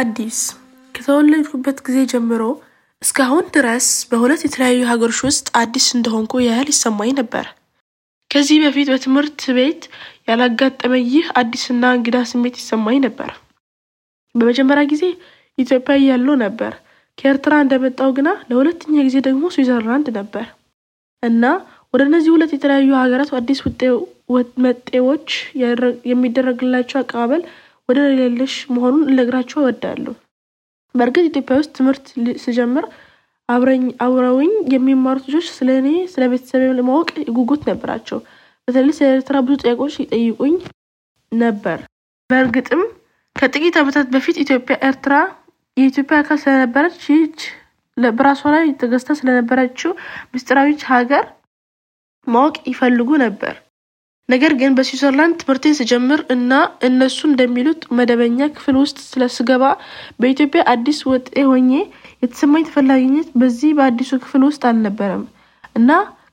አዲስ ከተወለድኩበት ጊዜ ጀምሮ እስካሁን ድረስ በሁለት የተለያዩ ሀገሮች ውስጥ አዲስ እንደሆንኩ ያህል ይሰማኝ ነበር። ከዚህ በፊት በትምህርት ቤት ያላጋጠመ ይህ አዲስና እንግዳ ስሜት ይሰማኝ ነበር። በመጀመሪያ ጊዜ ኢትዮጵያ እያለሁ ነበር። ከኤርትራ እንደመጣው ግና ለሁለተኛ ጊዜ ደግሞ ስዊዘርላንድ ነበር እና ወደ እነዚህ ሁለት የተለያዩ ሀገራት አዲስ መጤዎች የሚደረግላቸው አቀባበል ወደር የሌለሽ መሆኑን ልነግራችሁ እወዳለሁ። በእርግጥ ኢትዮጵያ ውስጥ ትምህርት ስጀምር አብረውኝ የሚማሩት ልጆች ስለ እኔ ስለ ቤተሰብ ለማወቅ ጉጉት ነበራቸው። በተለይ ስለ ኤርትራ ብዙ ጥያቄዎች ይጠይቁኝ ነበር። በእርግጥም ከጥቂት ዓመታት በፊት ኢትዮጵያ ኤርትራ የኢትዮጵያ አካል ስለነበረች ይች በራሷ ላይ ተገዝታ ስለነበረችው ምስጢራዊች ሀገር ማወቅ ይፈልጉ ነበር። ነገር ግን በስዊዘርላንድ ትምህርቴን ስጀምር እና እነሱ እንደሚሉት መደበኛ ክፍል ውስጥ ስለስገባ በኢትዮጵያ አዲስ ወጤ ሆኜ የተሰማኝ ተፈላጊነት በዚህ በአዲሱ ክፍል ውስጥ አልነበረም እና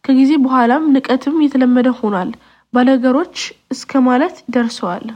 ከጊዜ በኋላም ንቀትም የተለመደ ሆኗል። ባለገሮች እስከ ማለት ደርሰዋል።